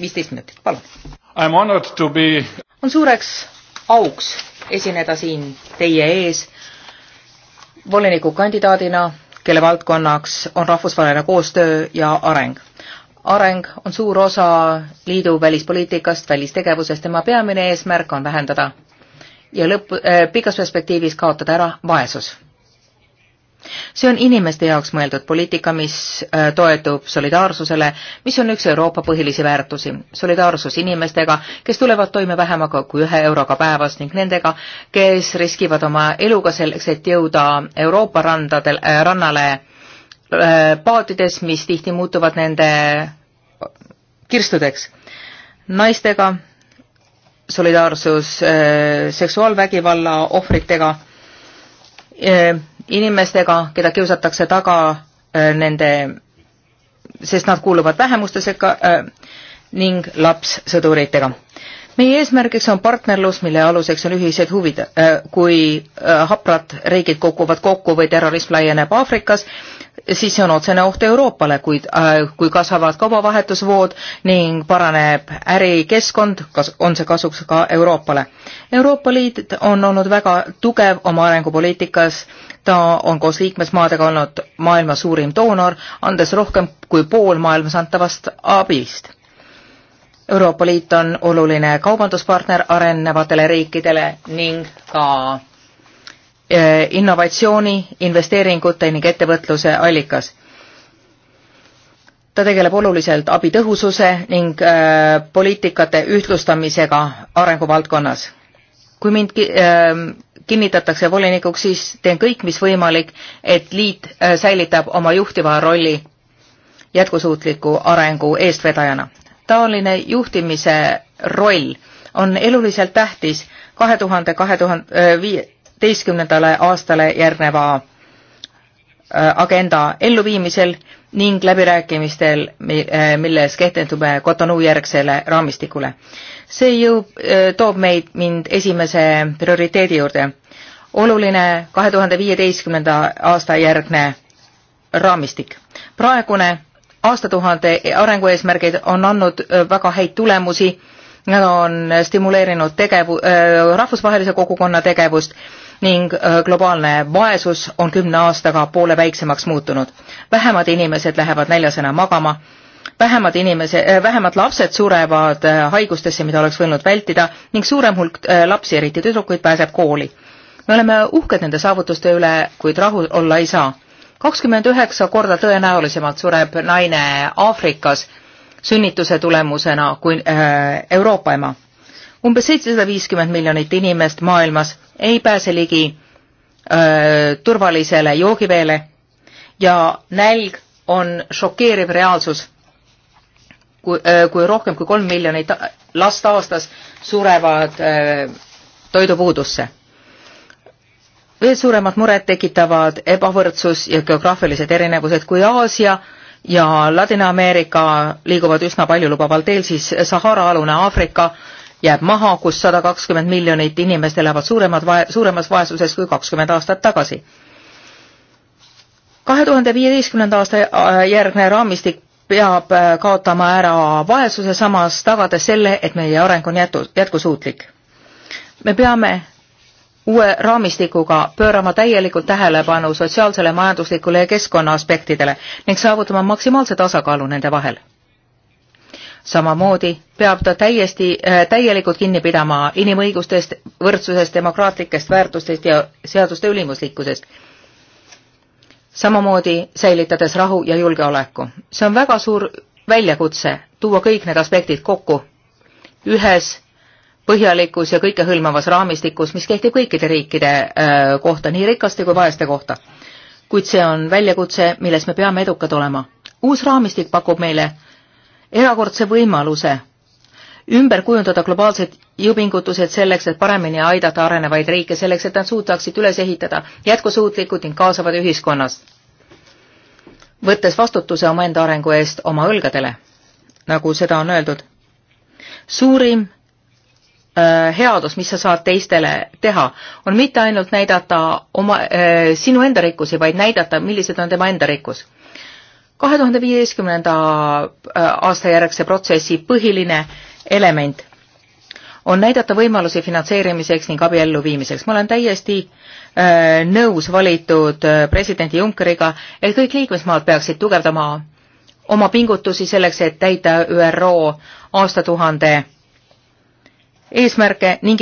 viisteist minutit, palun. Be... on suureks auks esineda siin teie ees volinikukandidaadina, kelle valdkonnaks on rahvusvaheline koostöö ja areng. areng on suur osa liidu välispoliitikast, välistegevusest, tema peamine eesmärk on vähendada ja lõpp äh,, pikas perspektiivis kaotada ära vaesus see on inimeste jaoks mõeldud poliitika, mis äh, toetub solidaarsusele, mis on üks Euroopa põhilisi väärtusi. solidaarsus inimestega, kes tulevad toime vähemaga kui ühe euroga päevas ning nendega, kes riskivad oma eluga selleks, et jõuda Euroopa randadel äh,, rannale äh, paatides, mis tihti muutuvad nende kirstudeks. naistega, solidaarsus äh, seksuaalvägivalla ohvritega äh,, inimestega, keda kiusatakse taga äh, nende, sest nad kuuluvad vähemuste sekka äh, ning lapssõduritega. meie eesmärgiks on partnerlus, mille aluseks on ühised huvid. Äh, kui haprad riigid kukuvad kokku või terrorism laieneb Aafrikas, siis see on otsene oht Euroopale, kuid äh, kui kasvavad kaubavahetusvood ning paraneb ärikeskkond, kas on see kasuks ka Euroopale. Euroopa Liit on olnud väga tugev oma arengupoliitikas äh, ta on koos liikmesmaadega olnud maailma suurim doonor, andes rohkem kui pool maailmas antavast abist. Euroopa Liit on oluline kaubanduspartner arenevatele riikidele ning ka e, innovatsiooni, investeeringute ning ettevõtluse allikas. ta tegeleb oluliselt abi tõhususe ning äh, poliitikate ühtlustamisega arenguvaldkonnas. kui mind äh, kinnitatakse volinikuks, siis teen kõik, mis võimalik, et liit äh, säilitab oma juhtiva rolli jätkusuutliku arengu eestvedajana. taoline juhtimise roll on eluliselt tähtis kahe tuhande kahe tuhande äh, viieteistkümnendale aastale järgneva Äh, agenda elluviimisel ning läbirääkimistel, äh, milles kehtendume Cotonou järgsele raamistikule. see jõub, äh, toob meid, mind esimese prioriteedi juurde. oluline kahe tuhande viieteistkümnenda aasta järgne raamistik. praegune aastatuhande arengueesmärgid on andnud väga häid tulemusi, nad on stimuleerinud tegevu-, rahvusvahelise kogukonna tegevust ning äh, globaalne vaesus on kümne aastaga poole väiksemaks muutunud. vähemad inimesed lähevad näljasena magama, vähemad inimese, äh, vähemad lapsed surevad äh, haigustesse, mida oleks võinud vältida ning suurem hulk lapsi, eriti tüdrukuid, pääseb kooli. me oleme uhked nende saavutuste üle, kuid rahul olla ei saa. kakskümmend üheksa korda tõenäolisemalt sureb naine Aafrikas sünnituse tulemusena kui Euroopa ema. umbes seitsesada viiskümmend miljonit inimest maailmas ei pääse ligi öö, turvalisele joogiveele ja nälg on šokeeriv reaalsus, kui, kui rohkem kui kolm miljonit last aastas surevad öö, toidupuudusse. veel suuremat muret tekitavad ebavõrdsus ja geograafilised erinevused, kui Aasia ja Ladina-Ameerika liiguvad üsna paljulubaval teel, siis Sahara-alune Aafrika äh, jääb maha, kus sada kakskümmend miljonit inimest elavad suuremad vae-, suuremas vaesuses kui kakskümmend aastat tagasi. kahe tuhande viieteistkümnenda aasta äh, järgne raamistik peab äh, kaotama ära vaesuse, samas tagades selle, et meie areng on jätu-, jätkusuutlik. me peame uue raamistikuga pöörama täielikult tähelepanu sotsiaalsele, majanduslikule ja keskkonna aspektidele ning saavutama maksimaalse tasakaalu nende vahel samamoodi peab ta täiesti äh,, täielikult kinni pidama inimõigustest, võrdsusest, demokraatlikest väärtustest ja seaduste ülimuslikkusest. samamoodi säilitades rahu ja julgeoleku. see on väga suur väljakutse, tuua kõik need aspektid kokku ühes põhjalikus ja kõikehõlmavas raamistikus, mis kehtib kõikide riikide äh, kohta, nii rikaste kui vaeste kohta. kuid see on väljakutse, milles me peame edukad olema. uus raamistik pakub meile erakordse võimaluse ümber kujundada globaalsed jõupingutused selleks, et paremini aidata arenevaid riike, selleks, et nad suudaksid üles ehitada jätkusuutlikud ning kaasavad ühiskonnast, võttes vastutuse omaenda arengu eest oma õlgadele, nagu seda on öeldud. suurim äh, headus, mis sa saad teistele teha, on mitte ainult näidata oma äh,, sinu enda rikkusi, vaid näidata, millised on tema enda rikkus kahe tuhande viieteistkümnenda äh, aasta järgse protsessi põhiline element on näidata võimalusi finantseerimiseks ning abiellu viimiseks. ma olen täiesti äh, nõus valitud äh, presidendi Junckeriga, et kõik liikmesmaad peaksid tugevdama oma pingutusi selleks, et täita ÜRO aastatuhande eesmärke ning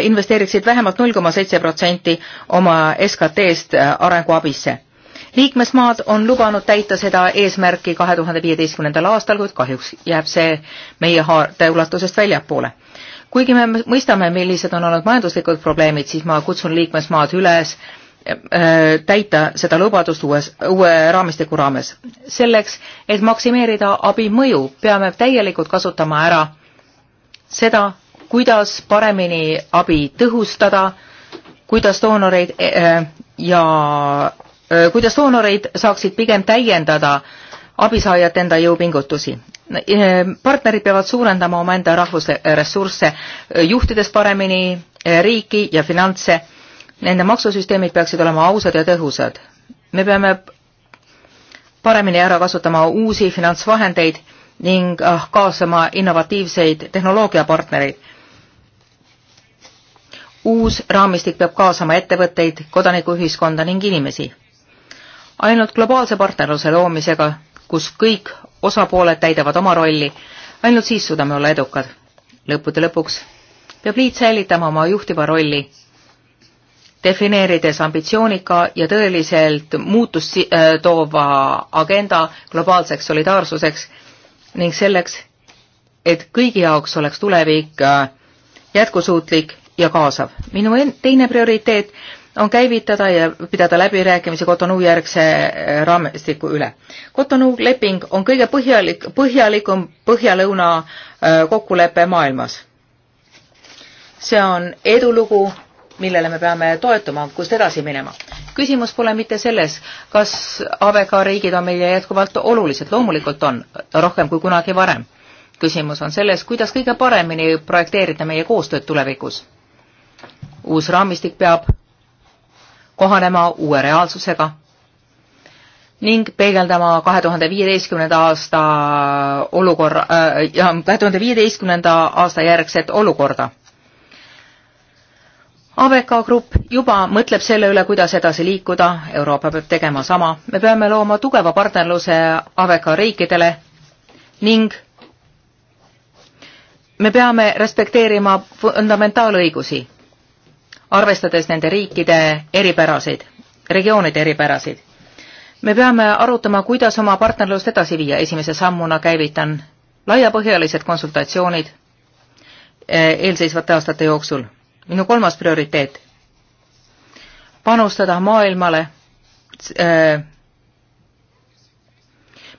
investeeriksid vähemalt null koma seitse protsenti oma SKT-st arenguabisse liikmesmaad on lubanud täita seda eesmärki kahe tuhande viieteistkümnendal aastal, kuid kahjuks jääb see meie haarte ulatusest väljapoole. kuigi me mõistame, millised on olnud majanduslikud probleemid, siis ma kutsun liikmesmaad üles äh, täita seda lubadust uues, uue raamistiku raames. selleks, et maksimeerida abi mõju, peame täielikult kasutama ära seda, kuidas paremini abi tõhustada, kuidas doonoreid äh, ja Äh, kuidas doonoreid saaksid pigem täiendada abisaajate enda jõupingutusi. Äh, partnerid peavad suurendama omaenda rahvusressursse, äh, juhtides paremini riiki ja finantse. Nende maksusüsteemid peaksid olema ausad ja tõhusad. me peame paremini ära kasutama uusi finantsvahendeid ning kaasama innovatiivseid tehnoloogiapartnereid. uus raamistik peab kaasama ettevõtteid, kodanikuühiskonda ning inimesi ainult globaalse partnerluse loomisega, kus kõik osapooled täidavad oma rolli, ainult siis suudame olla edukad. lõppude lõpuks peab liit säilitama oma juhtiva rolli, defineerides ambitsioonika ja tõeliselt muutust äh, toova agenda globaalseks solidaarsuseks ning selleks, et kõigi jaoks oleks tulevik äh, jätkusuutlik ja kaasav. minu teine prioriteet on käivitada ja pidada läbirääkimisi Cotonou järgse eh, raamistiku üle. Cotonou leping on kõige põhjalik, põhjalikum põhja-lõuna eh, kokkulepe maailmas. see on edulugu, millele me peame toetuma, kust edasi minema. küsimus pole mitte selles, kas ABK riigid on meile jätkuvalt olulised, loomulikult on, rohkem kui kunagi varem. küsimus on selles, kuidas kõige paremini projekteerida meie koostööd tulevikus. uus raamistik peab kohanema uue reaalsusega ning peegeldama kahe tuhande viieteistkümnenda aasta olukorra äh, ja kahe tuhande viieteistkümnenda aasta järgset olukorda. ABK Grupp juba mõtleb selle üle, kuidas edasi liikuda, Euroopa peab tegema sama. me peame looma tugeva partnerluse ABK riikidele ning me peame respekteerima fundamentaalõigusi arvestades nende riikide eripärasid, regioonide eripärasid. me peame arutama, kuidas oma partnerlust edasi viia, esimese sammuna käivitan laiapõhjalised konsultatsioonid eh, eelseisvate aastate jooksul. minu kolmas prioriteet, panustada maailmale eh,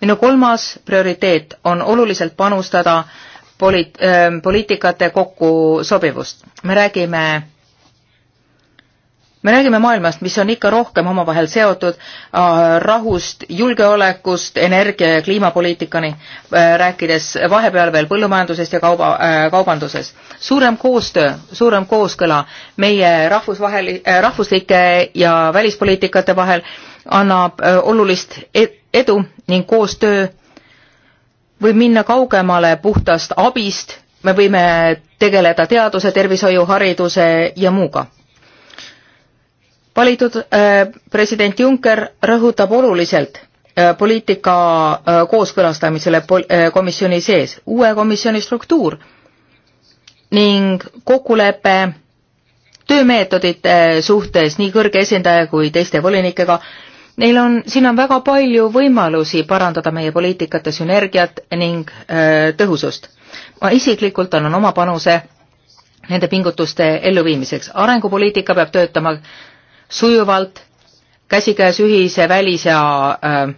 minu kolmas prioriteet on oluliselt panustada poliit-, eh, poliitikate kokkusobivust. me räägime me räägime maailmast, mis on ikka rohkem omavahel seotud äh, rahust, julgeolekust, energia ja kliimapoliitikani, äh, rääkides vahepeal veel põllumajandusest ja kauba, äh, kaubanduses. suurem koostöö, suurem kooskõla meie rahvusvahel, rahvuslike ja välispoliitikate vahel annab olulist e-, edu ning koostöö võib minna kaugemale puhtast abist, me võime tegeleda teaduse, tervishoiu, hariduse ja muuga valitud äh, president Juncker rõhutab oluliselt äh, poliitika äh, kooskõlastamisele komisjoni sees, uue komisjoni struktuur ning kokkulepe töömeetodite suhtes nii kõrge esindaja kui teiste volinikega, neil on, siin on väga palju võimalusi parandada meie poliitikate sünergiat ning öö, tõhusust. ma isiklikult annan oma panuse nende pingutuste elluviimiseks. arengupoliitika peab töötama sujuvalt käsikäes ühise välis- ja äh,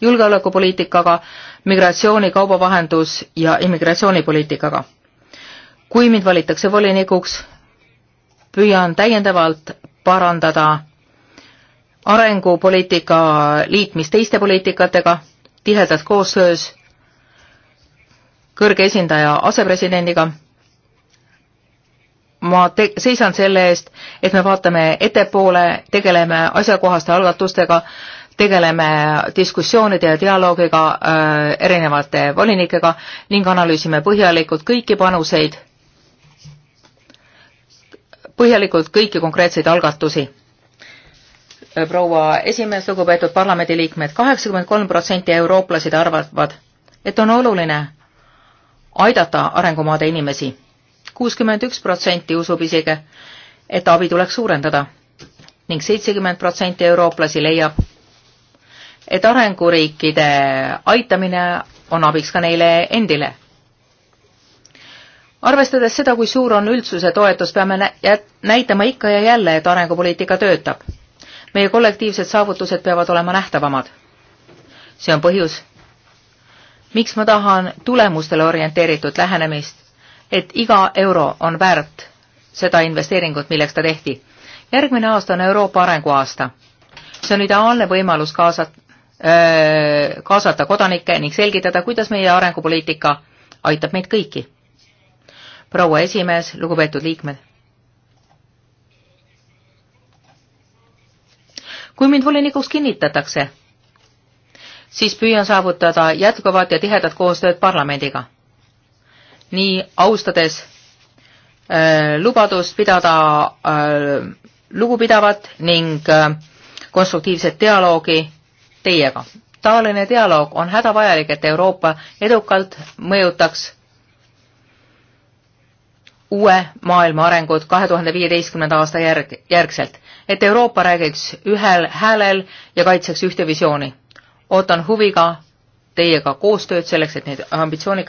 julgeolekupoliitikaga, migratsiooni, kaubavahendus ja immigratsioonipoliitikaga. kui mind valitakse volinikuks, püüan täiendavalt parandada arengupoliitika liitmist teiste poliitikatega tihedas koostöös kõrge esindaja asepresidendiga ma te-, seisan selle eest, et me vaatame ettepoole, tegeleme asjakohaste algatustega, tegeleme diskussioonide ja dialoogiga äh, erinevate volinikega ning analüüsime põhjalikult kõiki panuseid, põhjalikult kõiki konkreetseid algatusi äh, proua esimees, lugupeetud parlamendiliikmed, kaheksakümmend kolm protsenti eurooplasid arvavad, et on oluline aidata arengumaade inimesi kuuskümmend üks protsenti usub isegi, et abi tuleks suurendada ning seitsekümmend protsenti eurooplasi leiab, et arenguriikide aitamine on abiks ka neile endile. arvestades seda, kui suur on üldsuse toetus, peame näitama ikka ja jälle, et arengupoliitika töötab. meie kollektiivsed saavutused peavad olema nähtavamad. see on põhjus, miks ma tahan tulemustele orienteeritud lähenemist et iga euro on väärt seda investeeringut, milleks ta tehti. järgmine aasta on Euroopa arenguaasta. see on ideaalne võimalus kaasata, kaasata kodanikke ning selgitada, kuidas meie arengupoliitika aitab meid kõiki. proua esimees, lugupeetud liikmed. kui mind volinikuks kinnitatakse, siis püüan saavutada jätkuvat ja tihedat koostööd parlamendiga nii austades äh, lubadust pidada äh, lugupidavat ning äh, konstruktiivset dialoogi teiega. taoline dialoog on hädavajalik, et Euroopa edukalt mõjutaks uue maailma arengut kahe tuhande viieteistkümnenda aasta järg, järgselt, et Euroopa räägiks ühel häälel ja kaitseks ühte visiooni. ootan huviga teiega koostööd selleks, et neid ambitsioonikaid